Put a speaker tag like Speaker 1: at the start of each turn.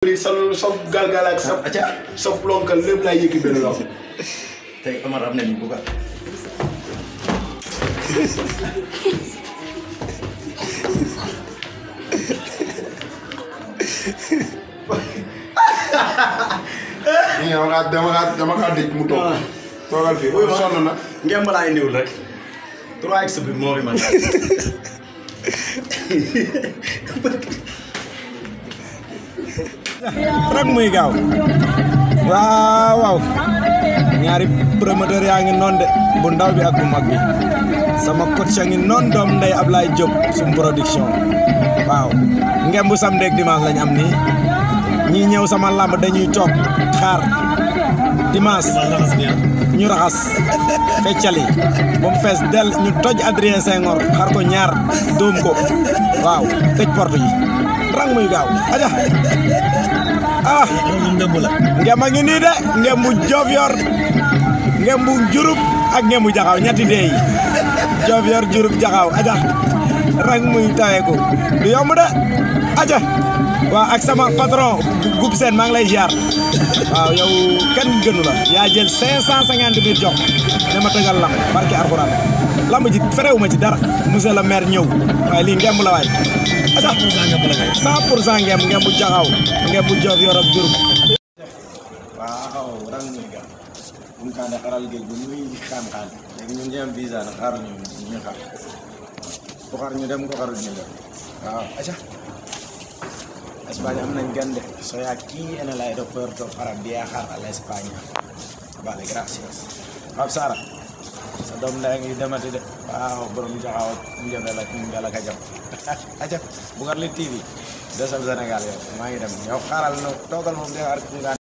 Speaker 1: li sa sa galgal ak sa sa plonkal lépp laay yëkki benn loxo tey Omar am nañu buga dama kaa dama kaa dama kaa dëj mu toog ah. toogal fii ooy sonn na ngeen balaa indiwul rek trois bi moo fi rek muy wow nyari waaw ñaari promoteur yaa ngi noon bi sama coach yang ingin noon doom ndey job Diop sum production waaw ngem bu samedi ak dimanche lañ am nii ñi ñëw sama lamb dañuy toog xaar ñu raxas feccali mu del ñu toj Adrien Senghor xar ko ñaar dóom ko waaw porte yi rang muy gaaw aja ah ngémb a ngi nii de ngémb bu Diofior ngémb bu Diouroup ak ngémb bu Jaxaaw ñetti dee yi Diofior Diouroup aja rang muy tayé ko du yomb da aja wa ak sama patron gub sen maa ngi lay ziar wa yow kenn gënu la ya jël 550 mille jox dama tagal lam barki alcorane lam ji ferewuma ci dara monsieur le maire ñew wa li ngemb la way aja 100 pour cent bu jaxaw ngemb bu jox ak jurum waaw rang muy gan buñ kaane xaral géej bu muy xam xam léegi ñun ñu am visa na xaaruñu ñu xaar pokar ñu dem pokar ñu dem waaw aca espagne am nañ so de soy aquí en el aeropuerto para viajar a la españa vale gracias waaw sara sa doom ndaa ngi demati de waaw borom jaxaw ak la ak njëndal ak ajam aca bugar li tv desal senegal yo maa ngi dem yow xaaral na toogal moom defar ngaan